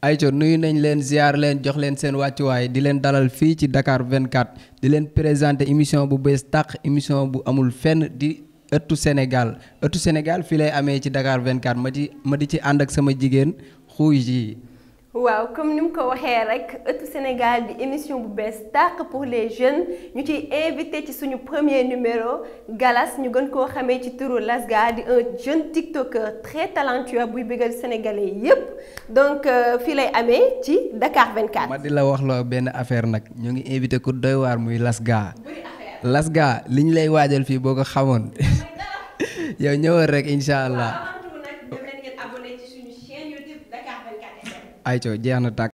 Aïcha nuyu nañ leen ziar leen jox leen seen wàccuwaay di leen dalal fii ci Dakar 24 di leen présenter émission bu bees tàq émission bu amul fenn di ëttu Sénégal ëttu Sénégal fii lay amee ci dakaar 24 ma ci ma di ci ànd ak sama jigéen xuuy yi waaw comme ni mu ko waxee rek ëttu Sénégal di émission bu bees tàq pour les jeunes ñu ciy invité ci suñu premier numéro Galas ñu gën koo xamee ci turu Lasga di un jeune tiktoker très talentueux buy bëggal sénégalais yépp donc euh, fii lay amee ci Dakar 24. ma di la wax loo benn affaire nag ñu ngi invité ku doy waar muy Lasga. Lasga li ñu lay waajal fii boo ko xamoon yow ñëwoon rek incha allah. ayca jeex na tàkk